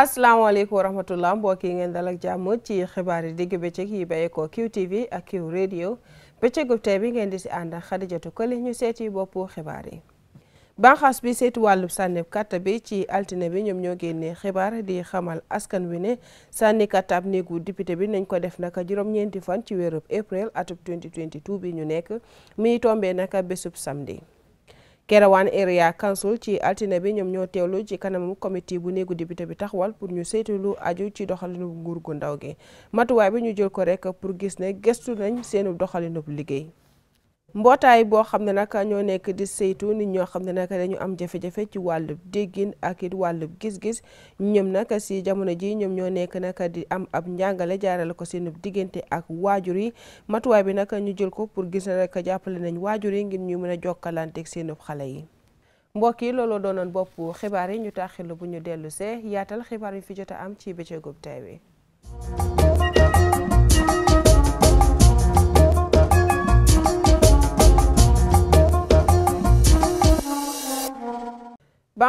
asalaamaaleykum wa rahmatullah mbokk yi ngeen dal ak jàmm ci xibaar yi digg bëccëg yi bàyyeekoo QTV ak Q radio bëccëgu bi ngeen di si ànd ak Xadijatu Kole ñu seeti boppu xibaar yi. banxaas bi seeti wàllu sànnib kàtta bi ci altine bi ñoom ñoo génnee xibaar di xamal askan wi ne sànni kàttab néegu député bi nañ ko def naka juróom-ñeenti fan ci weerub april atub 2022 bi ñu nekk muy tombee naka bésub samedi. Kerewan Area Council ci altina bi ñoom ñoo teewlu ci kanamu comité bu néegu député bi taxawal pour ñu saytu lu aju ci doxalinu nguur gu ndaw gi matuwaay bi ñu jël ko rek pour gis ne gëstu nañ seenu doxalinub liggéey mbootaay boo xam ne nag ñoo nekk di saytu nit ñoo xam ne nag dañu am jafe-jafe ci wàllub déggin ak it wàll gis-gis ñëm nag si jamono ji ñoom ñoo nekk nag di am ab njàngale jaarale ko seen diggante ak waajur yi matuwaay bi nag ñu jël ko pour gis na rek jàppale nañ waajur yi ngir ñu mën a jokkalanteeg seen xale yi. mbokk yi looloo doonoon bopp xibaar yi ñu taaxirlu bu ñu dellu see yaatal xibaar yi fi jot a am ci bëccëgub tey bi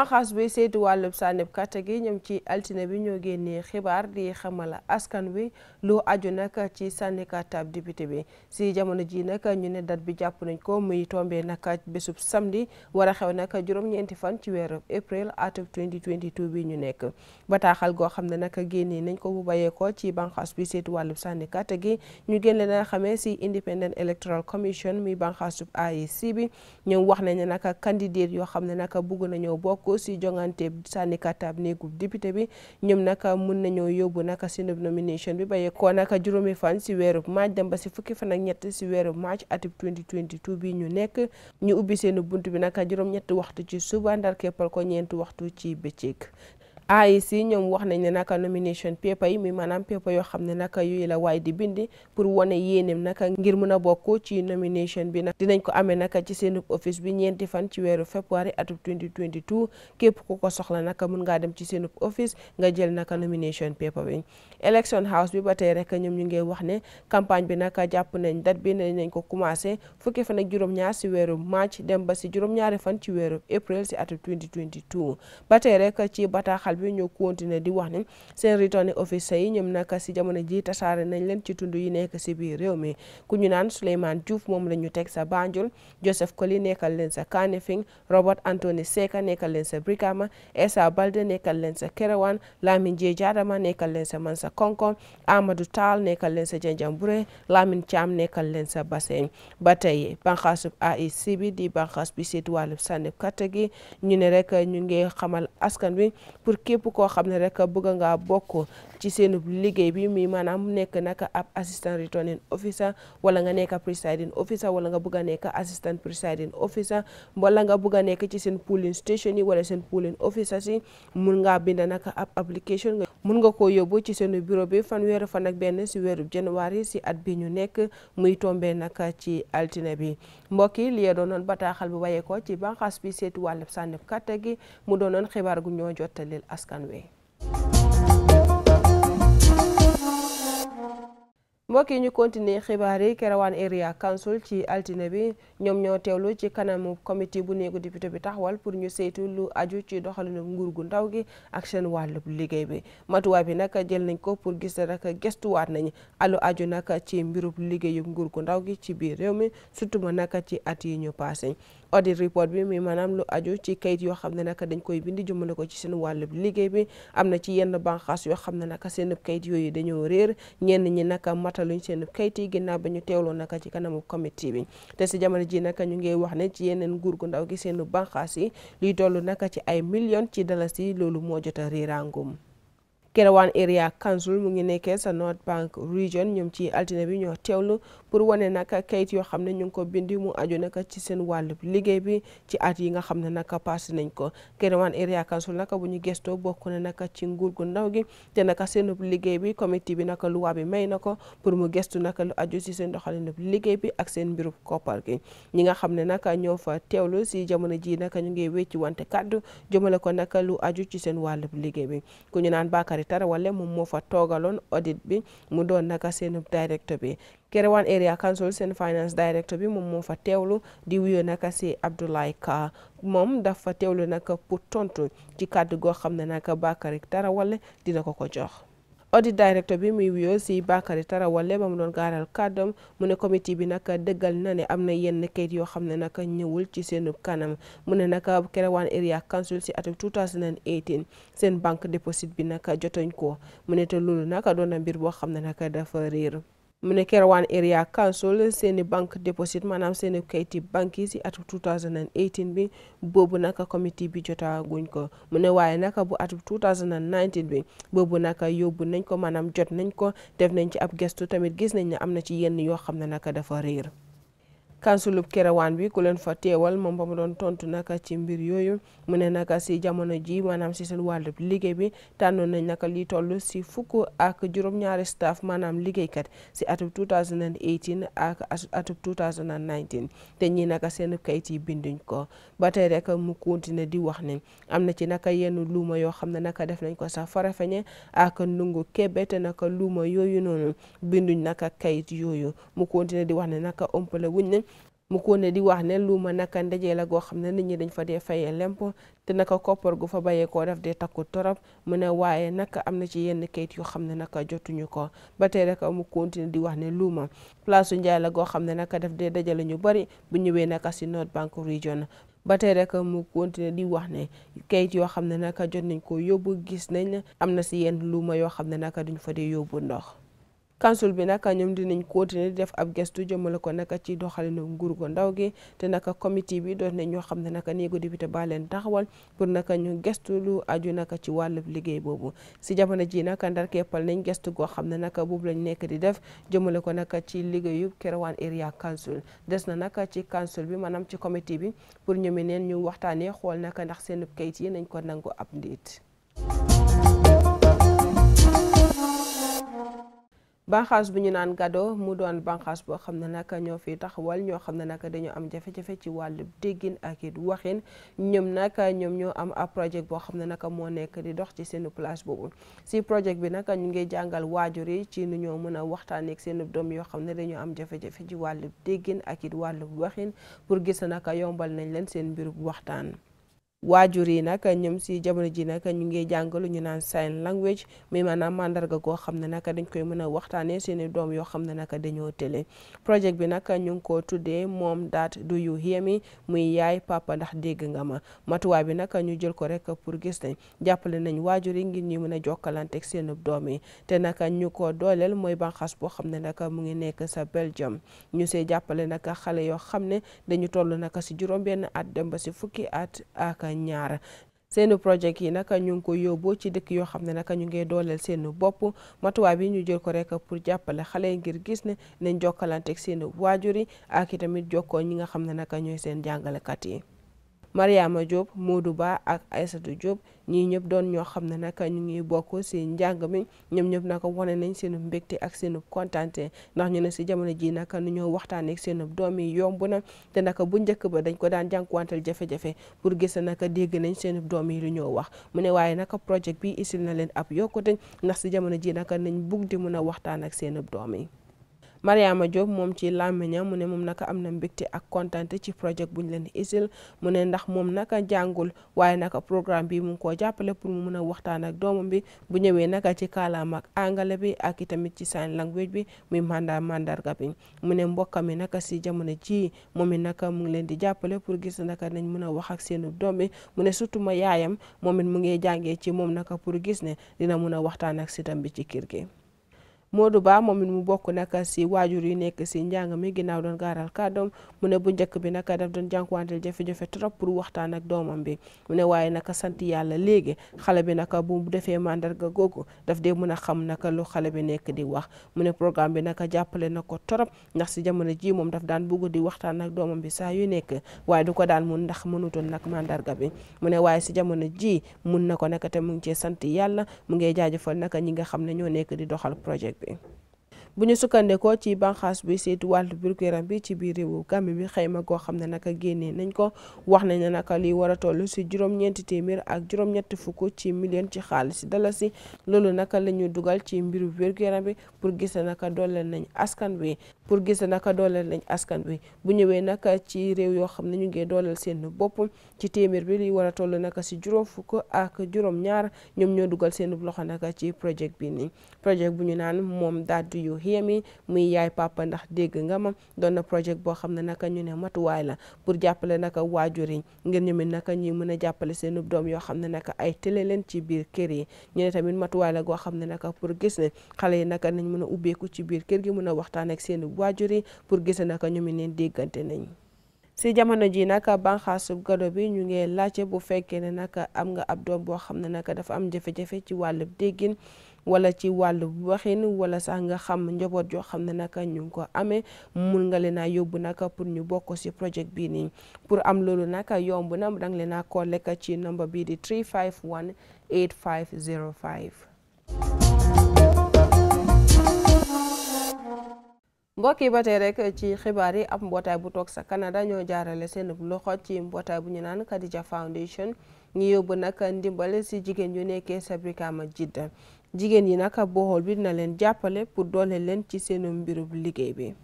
banqaas bi saytu wàllub sànnib kàtta gi ñoom ci altine bi ñoo génnee xibaar di xamala askan wi lu aju nag ci sànni kàrtaab député bi si jamono ji nag ñu ne date bi jàpp nañ ko muy tombé nag bésub samedi war a xew nag juróom-ñeenti fan ci weeru april atum 2022 bi ñu nekk bataaxal goo xam ne nag génnee nañ ko bu bàyyee ko ci banxaas bi seetu wàllub sànni kàrta gi ñu génne na xamee si Independent Electoral Commission muy banxaasub IEC sibi ñoom wax nañ ne nag candidat yoo xam ne nag bugg nañoo bokk si jongante sànni kàrtaab néegub député bi ñoom nag mun nañoo yóbbu nag si nomination bi bàyyee kon nag juróomi fan si weerub maaj dem ba si fukki fan ak ñett si weerub maaj atib 2022 bi ñu nekk ñu ubbi seenu bunt bi nag juróom-ñetti waxtu ci suba ndar keppal ko ñeenti waxtu ci bëccëg AIC ñoom wax nañ ne naka nomination paper yi muy maanaam paper yoo xam ne naka yooyu la waay di bindi pour wane yéenem naka ngir mun a bokk ci nomination bi nag dinañ ko amee naka ci seen office bi ñeenti fan ci weeru février atum 2022 képp ku ko soxla naka mun ngaa dem ci seen office nga jël naka nomination paper bi election house bi ba tey rek ñoom ñu ngi wax ne campagne bi naka jàpp nañ date bi nañ ko commencé fukki fan ak juróom si weeru mars dem ba si juróom-ñaari fan ci weeru avril si atum 2022 ba tey bi ñu continuer di wax ni seen returning officer yi ñoom nag si jamono ji tasaare nañ leen ci tund yi nekk si biir réew mi ku ñu naan Souleymane Diouf moom la ñu teg sa Banjul Joseph Koli nekkal leen sa Kanifing Robert Anthony Seka nekkal leen sa Brikama Essa Balde nekkal leen sa Kerewan Lamine Jee Jaadama nekkal leen sa Mansa Konko Amadou taal nekkal leen sa Janjanbureh Lamine Thiam nekkal leen sa Basseng ba tey banxaasub AIC bi di banxaas bi seet wàllub sànni kàtt gi ñu ne rek ñu ngi xamal askan wi képp koo xam ne rek bëgg ngaa bokk ci seen liggéey bi muy maanaam nekk nag ab assistant returning officer wala nga nekk presiding officer wala nga bëgg a nekk assistant presiding officer wala nga bëgg nekk ci seen polling station yi wala seen polling officers yi mun ngaa bind nag application mun nga koo yóbbu ci seen bureau bi fanweeri fan ak benn si weeru janvier si at bi ñu nekk muy tombé nag ci altine bi mbokk yi li doonoon bataaxal bi waye ko ci banqaas bi se wàllub sànnib kàtta gi mu doonoon xibaar gu ñoo jottalil askan wi mbokk yi ñu continuer xibaar yi Kerewan Area Council ci altine bi ñoom ñoo teewlu ci kanamu comité bu néegu député bi tax taxawal pour ñu saytu lu aju ci doxalinu nguur gu ndaw gi ak seen wàllub liggéey bi matuwaay bi nag jël nañ ko pour gis rek gestuwaat nañ alu aju nag ci mbirub liggéeyu nguur gu ndaw gi ci biir réew mi surtout ma nag ci at yi ñu passé audit report bi mi maanaam lu aju ci kayit yoo xam ne nag dañ koy bindi jëmale ko ci seen wàllub liggéey bi am na ci yenn banqaas yoo xam ne nag seen kayit yooyu dañoo réer ñenn ñi nag mat nataluñ seen kayit yi ginnaaw ba ñu teewloo naka ci kanamu comité bi te si jamono ji naka ñu ngi wax ne ci yeneen nguur gu ndaw gi seen banqaas yi luy toll naka ci ay millions ci si loolu moo jot a riiraangum Kerewan Area Council mu ngi nekkee sa North Bank Region ñoom ci altine bi ñoo teewlu pour wane naka kayit yoo xam ne ñu ngi bindi mu aju naka ci seen wàllu liggéey bi ci at yi nga xam ne naka passé nañ ko Kerewan Area Council naka bu ñu gestoo bokku na naka ci nguur gu ndaw gi te naka seen liggéey bi comité bi naka lu bi may na ko pour mu gestu naka lu aju ci seen doxalin liggéey bi ak seen mbirub koppar gi ñi nga xam ne naka ñoo fa teewlu si jamono ji naka ñu ngi wecci wante kàddu jëmale ko naka lu aju ci seen wàllu liggéey bi Bakary Tara Wale moom moo fa toogaloon audit bi mu doon naka seenub directeur bi Kerewan Area Council seen finance director bi moom moo fa teewlu di wuyoo naka si Abdoulaye Ka moom fa teewlu naka pour tontu ci kàddu goo xam ne naka Bakary Tara Wale dina ko ko jox. audit director bi muy wuyoo si Bakary Tarawale ba mu doon gaaral kàddoom mu ne comité bi nag dëggal na ne am na yenn kayit yoo xam ne nag ñëwul ci seenub kanam mu ne nag Kerewan Area Council si atum 2018 seen banque déposit bi nag jotoñ ko mu ne te loolu naka doon na mbir boo xam ne nag dafa réer. mu ne Kerewan Area Council seeni banque deposit maanaam seeni kayiti banque yi si atu 2018 bi boobu naka comité bi jota guñ ko mu ne waaye naka bu atu 2019 bi boobu naka yóbbu nañ ko maanaam jot nañ ko def nañ ci ab gestu tamit gis nañ ne am na ci yenn yoo xam ne naka dafa réer kansulub kerewaan bi ku leen fa teewal moom ba mu tontu naka ci mbir yooyu mu ne naka si jamono ji maanaam si seen wàllub liggéey bi tànnoon nañ naka li toll si fukk ak juróom-ñaari staff maanaam liggéeykat si atub 2018 ak atub 2019 te ñi naka seen kayit yi binduñ ko ba tey rek mu continué di wax ne am na ci naka yenn luuma yoo xam ne naka def nañ ko sax farafeñe ak ndungu kebe te naka luuma yooyu noonu binduñ naka kayit yooyu mu continué di wax ne naka ëmpale wuñ ne mu ko di wax ne luuma naka ndaje la goo xam ne nit ñi dañ fa dee fayee lempo te naka koppar gu fa bayee koo def dee takku torop mu ne waaye naka am na ci yenn kayit yoo xam ne naka jotuñu ko ba tey rek mu continue di wax ne luuma place su njaay goo xam ne naka def dee dajale ñu bari bu ñëwee naka si North Bank Region ba tey rek mu continuer di wax ne kayit yoo xam ne naka jot nañ ko yóbbu gis nañ am na si yenn luuma yoo xam ne naka duñ fa dee yóbbu ndox council bi nag ñoom dinañ continuer def ab gestu jëmale ko nag ci doxalinu nguur gu ndaw gi te nag comité bi doon nañ ñoo xam ne nag néegu député baa leen taxawal pour nag ñu gestu lu aju nag ci wàllub liggéey boobu si jamono ji nag ndar keppal nañ gestu goo xam ne nag boobu lañ nekk di def jëmale ko nag ci liggéeyub Kerewan Area Council des na nag ci council bi maanaam ci comité bi pour ñoom neen ñu waxtaanee xool naka ndax seen kayit yi nañ ko nangu ab banxaas bu ñu naan gado mu doon banxaas boo xam ne nag ñoo fi wal ñoo xam ne nag dañoo am jafe-jafe ci wàllu déggin ak it waxin ñoom nag ñoom ñoo am ab boo xam ne nag moo nekk di dox ci seen place boobu si projet bi nag ñu ngi jàngal waajur yi ci nu ñoo mën a waxtaanee ak seen doom yoo xam ne dañu am jafe-jafe ci wàllu déggin ak it wàllu waxin pour gis nag yombal nañ leen seen mbirub waxtaan. waajur yi nag ñoom si jamono ji nag ñu ngi jàngalu ñu naan sign language mais maanaam mandarga goo xam ne nag dañ koy mën a waxtaanee seeni doom yoo xam ne nag dañoo télé projet bi nag ñu ngi ko tuddee moom daat do you hear me muy yaay papa ndax dégg nga ma matuwaay bi nag ñu jël ko rek pour gis ne jàppale nañ waajur yi ngir ñu mën a jokkalanteeg seen doom yi te nag ñu ko dooleel mooy banxas boo xam ne nag mu ngi nekk sa Belgium ñu see jàppale nag xale yoo xam ne dañu toll nag si juróom at dem si fukki at ak ñaar seeni projet yi nag ñu ngi ko yóbbu ci dëkk yoo xam ne nag ñu ngi dooleel seen bopp matuwaay bi ñu jël ko rek pour jàppale xale yi ngir gis ne nañ jokkalante ak seen waajur yi ak itamit jokkoo ñi nga xam ne nag ñooy seen jàngalekat yi. Mariama Diop Modou Ba ak Aïssatou Diop ñii ñëpp doon ñoo xam ne nag ñu ngi bokk si njàng mi ñoom ñëpp nag wane nañ seen mbégte ak seen kontante ndax ñu ne si jamono ji nag nu ñoo waxtaanee ak seen doom yi yomb na te nag bu njëkk ba dañ ko daan jànkuwanteel jafe-jafe pour gis nag dégg nañ seen doom yi lu ñoo wax mu ne waaye nag projet bi isil na leen ab yokkute ndax si jamono ji nag nañ bugg di mun a waxtaan ak seen doom yi. Mariama Diop moom ci làmmiñam mu ne moom naka am na mbégte ak kontante ci projet buñ leen isil mu ne ndax moom naka jàngul waaye naka programme bi mu ngi koo jàppale pour mu mun a waxtaan ak doomam bi bu ñëwee naka ci kaalaam ak angale bi ak itamit ci sign language bi muy manda mandarga bi mu ne mbokka mi naka si jamono ci moom it naka mu ngi leen di jàppale pour gis naka nañ mun a wax ak seenu doom bi mu ne surtout ma yaayam moom it mu ngi jàngee ci moom naka pour gis ne dina mun a waxtaan ak sitam bi ci kër gi Modou Ba moom mu bokk nag si waajur yi nekk si njàng mi ginnaaw doon gaaral kàddoom mu ne bu njëkk bi nag daf doon jànkuwanteel jafe-jafe trop pour waxtaan ak doomam bi mu ne waaye nag sant yàlla léegi xale bi nag bu defee mandarga googu daf dee mën a xam nag lu xale bi nekk di wax mu ne programme bi nag jàppale na ko trop ndax si jamono ji moom daf daan bugg di waxtaan ak doomam bi saa yu nekk waaye du ko daan mun ndax mënutoon nag mandarga bi mu ne waaye si jamono ji mun na ko nag te mu ngi cee sant yàlla mu ngi jaajëfal nag ñi nga xam ne ñoo nekk di doxal projet bu ñu sukkandekoo ci banqaas bi saytu wàllu wérgu yaram bi ci biir réewu Gàmbi bi xayma goo xam ne naka génnee nañ ko wax nañ ne naka li war a toll si juróom-ñeenti téeméer ak juróom-ñetti fukk ci million ci xaalis dalasi loolu naka la ñu dugal ci mbiru wérgu yaram bi pour gis naka dooleel nañ askan wi pour gis naka dooleel nañ askan wi bu ñëwee naka ci réew yoo xam na ñu ngi dooleel seen bopp ci téeméer bi li war a toll naka si juróom fukk ak juróom ñaar ñoom ñoo dugal seen loxo naka ci projet bi nii projet bu ñu naan moom di yo xiyami muy yaay papa ndax dégg nga ma doon na projet boo xam ne naka ñu ne matuwaay la pour jàppale naka waajur yi ngir ñoom it naka ñuy mën a jàppale seen doom yoo xam ne naka ay télé leen ci biir kër yi ñu ne tamit matuwaay la goo xam ne naka pour gis ne xale yi naka nañ mën a ubbeeku ci biir kër gi mën a waxtaan seen waajur yi pour gis naka ñu mu neen déggante nañ si jamono ji nag banxaasu gado bi ñu ngi laajte bu fekkee ne nag am nga ab doom boo xam ne nag dafa am jafe-jafe ci wàllub déggin wala ci wàllu waxin wala sax nga xam njaboot joo xam ne nag ñu ngi ko amee mun nga leen a yóbbu nag pour ñu bokk si projet bii nii pour am loolu nag yomb na danga leen a ko lekk ci nomba bii di 351 8505 mbokk yi ba tey rek ci xibaar yi ab mbootaay bu toog sa Canada ñoo jaarale seen loxo ci mbootaay bu ñu naan Khadija Foundation ñi yóbbu nag ndimbale si jigéen yu nekkee sa Brikama Jidda jigéen ñi nag boxool bi dina leen jàppale pour doole leen ci seenu mbirub liggéey bi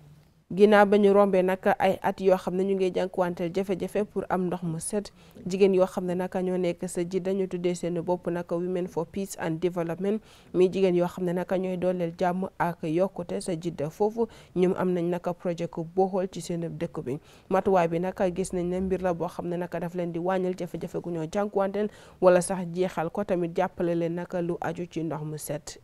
ginnaaw ba ñu rombee nag ay at yoo xam ne ñu ngi jànkuwanteel jafe-jafe pour am ndox mu set jigéen yoo xam ne naka ñoo nekk sa ji dañu tuddee seen bopp nag women for peace and development muy jigéen yoo xam ne nag ñooy dooleel jàmm ak yokkute sa jidda foofu ñoom am nañ nag projet ko booxool ci seen dëkku bi matuwaay bi nag gis nañ ne mbir la boo xam ne naka daf leen di wàññil jafe-jafe gu ñoo jànkuwanteel wala sax jeexal ko tamit jàppale leen nag lu aju ci ndox mu set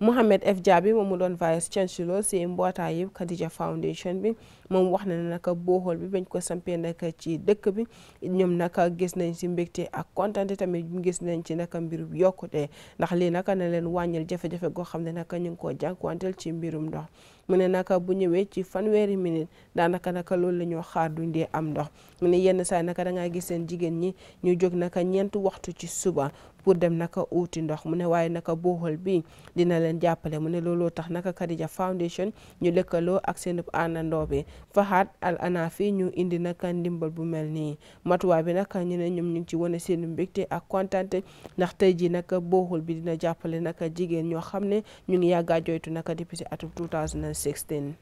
Mohamed F Jabi moom mu doon vice chancellor si mbootaay yi Khadija Foundation bi moom wax na ne naka bi bañ ko sampee naka ci dëkk bi ñoom naka gis nañ si mbégte ak kontante tamit gis nañ ci naka mbirum yokkute ndax lii naka na leen wàññil jafe-jafe goo xam ne naka ñu ngi koo jànkuwanteel ci mbirum ndox mu ne naka bu ñëwee ci fanweeri minute daanaka naka loolu la ñoo xaar duñ dee am ndox mu ne yenn saa naka da ngaa gis seen jigéen ñi ñu jóg naka ñeenti waxtu ci suba pour dem naka uuti ndox mu ne waaye naka booxal bi dina leen jàppale mu ne looloo tax naka ka Khadija Foundation ñu lëkkaloo ak seen àndandoo bi Fahad Al Anafi ñu indi naka ndimbal bu mel nii matuwaay bi naka ñu ne ñoom ñu ngi ci wane seen mbégte ak kontante ndax tey jii naka booxal bi dina jàppale naka jigéen ñoo xam ne ñu ngi yàggaa joytu naka depuis si atum 2000 2016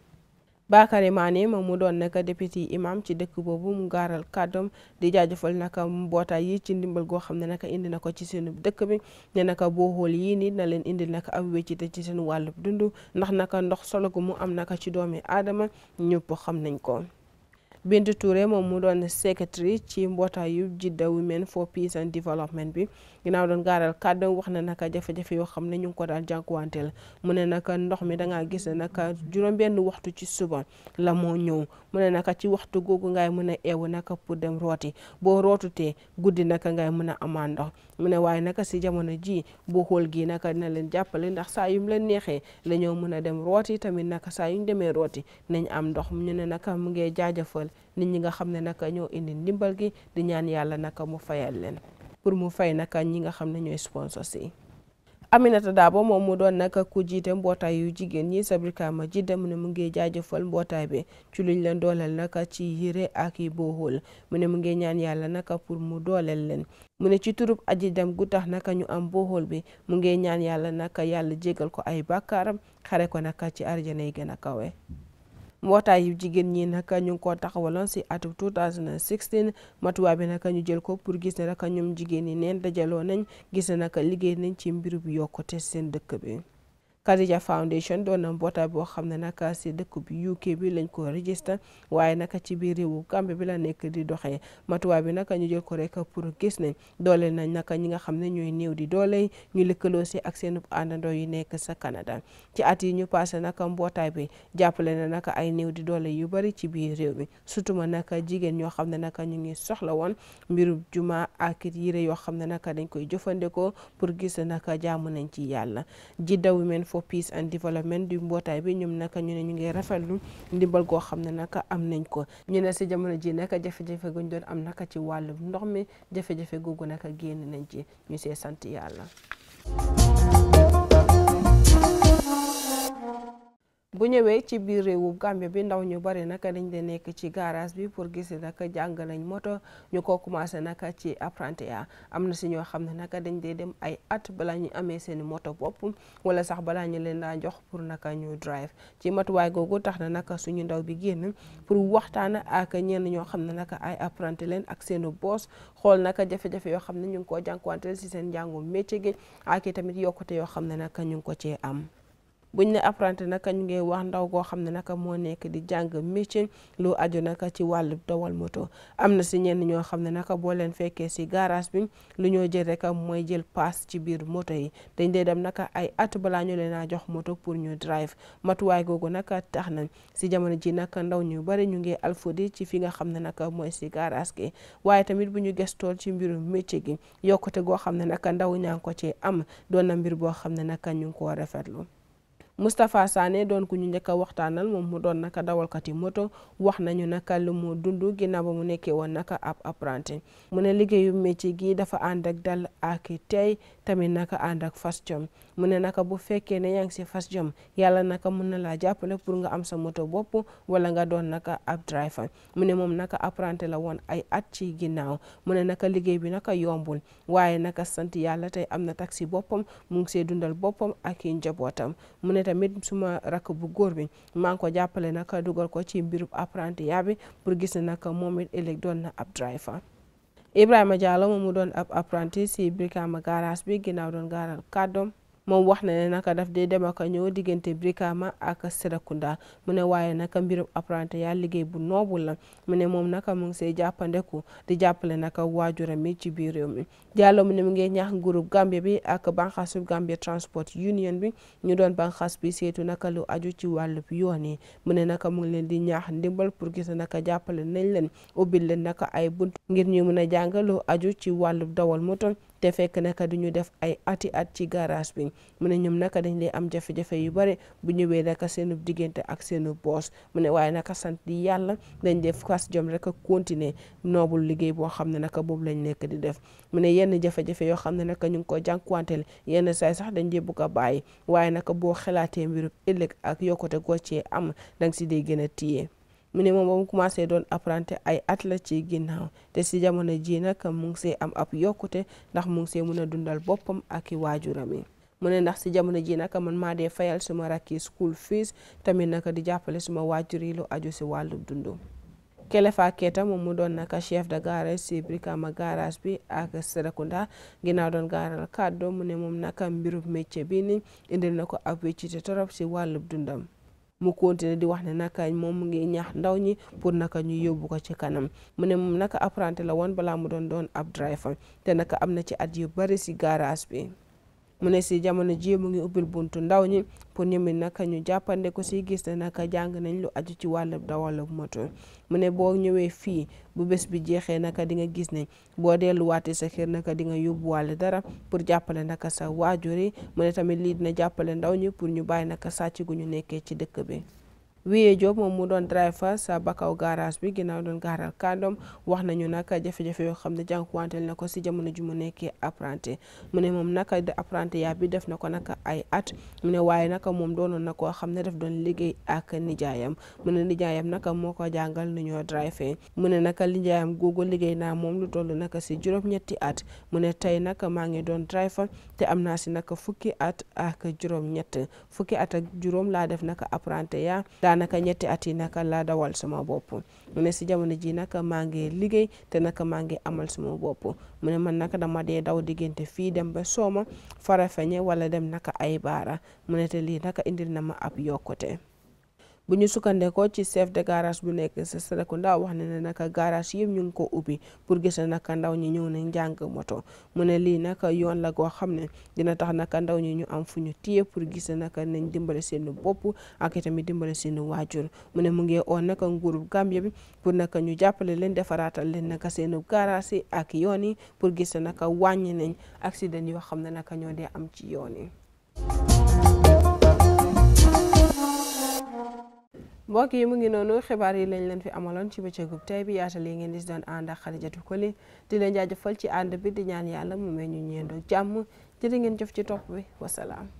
Bakary Mané moom mu doon naka député imam ci dëkk boobu mu gaaral kàddoom di jaajëfal naka mbootaay yi ci dimbal goo xam ne naka indi na ko ci seen dëkk bi ne naka boo xool yii nii na leen indi naka ab wéccite ci seen wàllub dund ndax naka ndox solo gu mu am naka ci doomi aadama ñëpp xam nañ ko. Bintu Touré moom mu doon secretary ci mbootaayu Jidda Women for Peace and Development bi ginnaaw doon gaaral kàddu wax na naka jafe-jafe yoo xam ne ñu ngi ko daal jànkuwanteel mu ne naka ndox mi dangaa gis ne naka juróom-benn waxtu ci suba la moo ñëw mu ne naka ci waxtu googu ngay mën a eewu naka pour dem rooti boo rootutee guddi naka ngay mën a amaan ndox mu ne waaye naka si jamono ji boo xool gi naka dina leen jàppale ndax saa yum leen neexee la ñoo mën a dem rooti tamit naka saa yuñ demee rooti nañ am ndox ñu ne naka mu ngi jaajëfal nit ñi nga xam ne nag ñoo indi ndimbal gi di ñaan yàlla nag mu fayal leen pour mu fay nag ñi nga xam ne ñooy sponsors yi. Aminata Dabo moom mu doon nag ku jiite mbootaay yu jigéen ñi Sabrikama ji dem ne mu ngi jaajëfal mbootaay bi ci luñ leen dooleel nag ci yére ak yi mu ne mu ngi ñaan yàlla nag pour mu dooleel leen mu ne ci turub aji dem gu tax nag ñu am boohol bi mu ngi ñaan yàlla nag yàlla jégal ko ay bàkkaaram xare ko nag ci arjana yi gën a kawe. mbootaay yu jigéen ñi nag ñu ngi koo taxawaloon si atum 2016 matuwaay bi nag ñu jël ko pour gis ne rek ñoom jigéen ñi neen dajaloo nañ gis ne nag liggéey nañ ci mbir bu yokkute seen dëkk bi. Khadija Foundation doon na mbootaay boo xam ne nag si dëkk bi UK bi lañ ko registré waaye nag ci biir réewu Gambie bi la nekk di doxee matuwaay bi nag ñu jël ko rek pour gis ne doole nañ nag ñi nga xam ne ñooy néew di doole ñu lëkkaloo si ak seen àndandoo yu nekk sa Canada ci at yi ñu passé nag mbootaay bi jàppale na nag ay néew di doole yu bari ci biir réew bi surtout ma nag jigéen ñoo xam ne nag ñu ngi soxla woon mbirub juma ak yére yoo xam ne nag dañ koy jëfandikoo pour gis nag jaamu nañ ci yàlla for Peace and Development du mbootaay bi ñoom naka ñu ne ñu ngi rafetlu ndimbal goo xam ne naka am nañ ko ñu ne si jamono ji naka jafe-jafe guñ doon am naka ci wàllu ndox mi jafe-jafe googu naka génn nañ ci ñu see sant yàlla bu ñëwee ci biir réewu Gambie bi ndaw ñu bari naka dañ de nekk ci garage bi pour gisee naka jàng nañ moto ñu ko commencé naka ci apprenti ya am na si ñoo xam ne naka dañ dee dem ay at bala ñu amee seen moto bopp wala sax balaa ñu leen daa jox pour naka ñu drive ci matuwaay googu tax na naka suñu ndaw bi génn pour waxtaan ak ñenn ñoo xam ne naka ay apprenti leen ak seenu boos xool naka jafe-jafe yoo xam ne ñu ngi koo jànkuwanteel si seen njàngu métier gi ak tamit yokkute yoo xam ne naka ñu ngi ko cee am buñ ne apprenti naka ñu ngi wax ndaw goo xam ne naka moo nekk di jàng métier lu aju naka ci wàllu dawal moto am na si ñenn ñoo xam ne naka boo leen fekkee si garage bi lu ñoo jël rek mooy jël paas ci biir moto yi dañ dee dem naka ay at balaa ñu leen a jox moto pour ñu drive matuwaay googu naka tax na si jamono ji naka ndaw ñu bari ñu ngi alfodi ci fi nga xam ne naka mooy si garage gi waaye tamit bu ñu gestool ci mbiru métier gi yokkute goo xam ne naka ndaw ñaa ngi ko ci am doon na mbir boo xam ne naka ñu ngi koo rafetlu Moustapha sane doon ku ñu njëkk a waxtaanal moom mu doon naka dawalkati moto wax nañu naka lu mu dund ginnaaw ba mu nekkee woon naka ab apprenti mu ne liggéeyu métier gi dafa ànd ak dal tey tamit naka ànd ak fas jom mu ne naka bu fekkee ne yaa ngi si fas jom yàlla naka mun na laa jàppale pour nga am sa moto bopp wala nga doon naka ab driver mu ne moom naka apprenti la woon ay at ci ginnaaw mu ne naka liggéey bi naka yombul waaye naka sant yàlla tey am na taxi boppam mu see dundal boppam ak i njabootam mu ne tamit suma rakk bu góor bi maa ngi ko jàppale naka dugal ko ci mbirub apprenti yaa bi pour gis ne naka moom it ëllëg doon na ab driver Ibrahima Diallo moom mu doon ab apprenti si Brikama garage bi ginnaaw doon gaaral kaddoom moom wax na ne naka daf dee dem ak ñëw diggante Brikama ak Serekunda mu ne waaye naka mbirum apprenti ya liggéey bu noobu la mu ne moom naka mu ngi see jàppandeku di jàppale naka waajuram mi ci biir réew mi Diallo mu ne mu ngi ñaax groupe Gambie bi ak banxaasu Gambia Transport Union bi ñu doon banxaas bi seetu naka lu aju ci wàllub yoon yi mu ne naka mu ngi leen di ñaax ndimbal pour gis naka jàppale nañ leen ubbil leen naka ay bunt ngir ñu mën a jàngaloo aju ci wàllub dawal moto te fekk naka du ñu def ay ati at ci garage bi mu ne ñoom naka dañ dee am jafe-jafe yu bare bu ñëwee naka seenu diggante ak seenu bos mu ne waaye naka sant di yàlla dañ def fas jom rek a continuer noobul liggéey boo xam ne naka boobu lañ nekk di def mu ne yenn jafe-jafe yoo xam ne naka ñu ngi ko jànkuwanteel yenn saay sax dañ dee bugg a bàyyi waaye naka boo xalaatee mbirub ëllëg ak yokkute goo cee am danga si dee gën a mu ne moom ba mu doon apprenti ay at la ci ginnaaw te si jamono ji nag mu ngi see am ab yokkute ndax mu ngi see mun a dundal boppam aki i waajuram yi mu ne ndax si jamono ji nag man maa de fayal suma rakki school fees tamit naka di jàppale suma waajur yi lu aju si wàllu dundu Kelefa Keita moom mu doon naka chef de garage si Brikama garage bi ak Serekunda ginnaaw doon gaaral kaddo mu ne moom naka mbirum métier bi ni indil na ko ab wéccite torop si wàllub dundam mu continué di wax ne naka moom mu ngi ñaax ndaw ñi pour naka ñu yóbbu ko ci kanam mu ne naka apprenti la woon balaa mu doon doon ab driver te naka am na ci at yu bari si garage bi mu ne si jamono ji mu ngi ubbil buntu ndaw ñi pour ñoom it naka ñu jàppande ko si gis ne naka jàng nañ lu aju ci wàllub dawalub moto mu ne boo ñëwee fii bu bés bi jeexee naka di nga gis ne boo delluwaatee sa kër naka di nga yóbbuwaale dara pour jàppale naka sa waajur yi mu ne tamit lii dina jàppale ndaw ñi pour ñu bàyyi naka sàcc gu ñu nekkee ci dëkk bi. Wiyee Diop moom mu doon driver sa Bakaw garage bi ginnaaw doon gaaral kàddoom wax nañu nag jafe-jafe yoo xam ne jànkuwanteel na ko si jamono ji mu nekkee apprenti mu ne moom nag apprenti yaa bi def na ko nag ay at mu ne waaye nag moom doonoon na koo xam ne daf doon liggéey ak nijaayam mu ne nijaayam nag moo ko jàngal nu ñoo mu ne nag lijaayam googu liggéey naa moom lu toll nag si juróom-ñetti at mu ne tey nag maa ngi doon driver te am naa si nag fukki at ak juróom-ñett fukki at ak juróom laa def nag apprenti yaa daanaka ñetti at yi naka laa dawal sama bopp mu ne si jamono ji naka maa ngi liggéey te naka maa ngi amal sama bopp mu ne man naka dama de daw diggante fii dem ba sooma farafeñe wala dem naka ay baara mu ne te lii naka indil na ma ab yokkute bu ñu sukkandekoo ci chef de garage bu nekk sa wax ne ne naka garage yëpp ñu ngi ko ubbi pour gis ne naka ndaw ñi ñëw nañ jàng moto mu ne lii naka yoon la goo xam ne dina tax naka ndaw ñi ñu am fu ñu téye pour gis ne nañ dimbale seen bopp ak itamit dimbale seen waajur mu ne mu ngi oon naka nguurub Gambia pour naka ñu jàppale leen defaraatal leen naka seen garage yi ak yoon yi pour gis naka wàññi nañ accident yo xam ne naka ñoo dee am ci yoon yi mbokk yi mu ngi noonu xibaar yi lañ leen fi amaloon ci bëccëgub tey bi yaatal yi ngeen di doon ànd ak Xadijatu Koli di leen jaajëfal ci ànd bi di ñaan yàlla mu may ñu ñeendoo jàmm jërë ngeen jëf ci topp bi wasalaam